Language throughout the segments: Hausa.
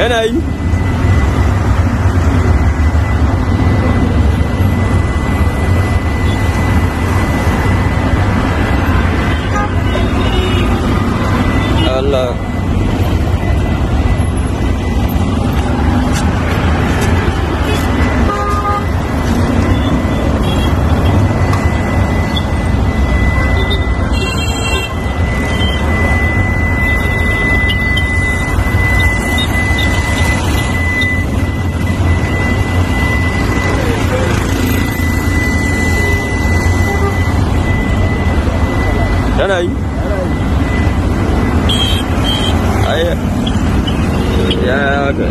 Ganay Allah tana yi ai ya ga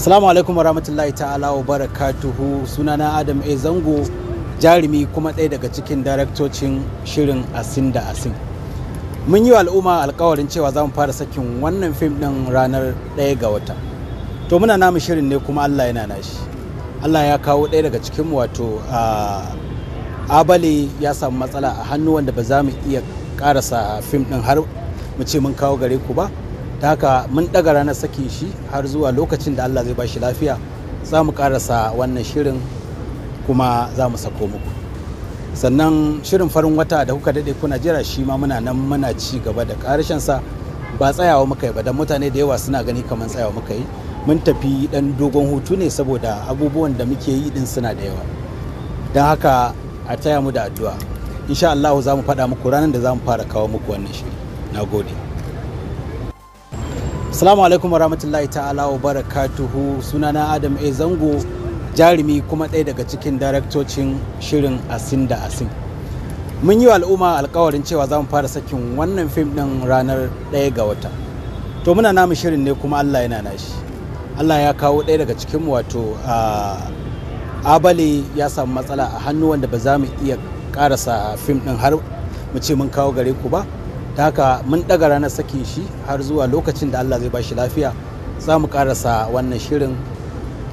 Assalamu alaikum wa rahmatullahi ta'ala wa barakatuhu sunana Adam A. Zango jarumi kuma ɗaya daga cikin daraktocin shirin Asin da Asin. Mun yi wa al'umma alkawarin cewa za mu fara sakin wannan fim ɗin ranar ɗaya ga wata. To muna namu shirin ne kuma Allah yana nashi. Allah ya kawo ɗaya daga cikin wato a abale ya samu matsala a hannu wanda ba za mu iya ƙarasa fim ɗin har mu ce mun kawo gare ku ba. da haka mun ɗaga ranar sakin shi har zuwa lokacin da allah zai ba shi lafiya za mu ƙarasa wannan shirin kuma za mu sako muku sannan shirin farin wata da kuka daɗe kuna jira shi ma muna nan muna ci gaba da sa ba tsayawa muka yi ba don mutane da yawa suna gani kamar tsayawa muka yi mun tafi ɗan dogon hutu ne saboda abubuwan da muke yi din suna da yawa don haka a taya mu da addu'a insha Allah za mu faɗa muku ranar da za mu fara kawo muku wannan shiri na gode Assalamu alaikum warahmatullahi ta'ala wa barakatuhu sunana Adam A Zango jarumi kuma ɗaya daga cikin daraktocin shirin Asin da Asin. Mun yi wa al'umma alkawarin cewa za mu fara sakin wannan fim ɗin ranar ɗaya ga wata. To muna namu shirin ne kuma Allah yana nashi. Allah ya kawo ɗaya daga cikin wato abale ya samu matsala a hannu wanda ba za mu iya ƙarasa fim ɗin har mu ce mun kawo gare ku ba. da haka mun ɗaga ranar sakin shi har zuwa lokacin da allah zai ba shi lafiya za mu karasa wannan shirin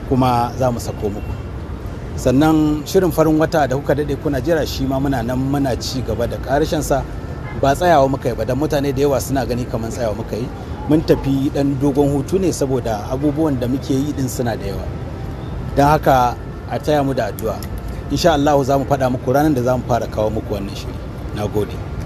kuma za mu sako muku sannan shirin farin wata da kuka daɗe kuna jira shi ma muna nan muna ci gaba da sa ba tsayawa muka yi ba don mutane da yawa suna gani kamar tsayawa muka yi mun tafi ɗan dogon hutu ne saboda abubuwan da muke yi ɗin suna da yawa don haka a taya mu da addu'a insha Allah za mu faɗa muku ranar da za mu fara kawo muku wannan shiri na gode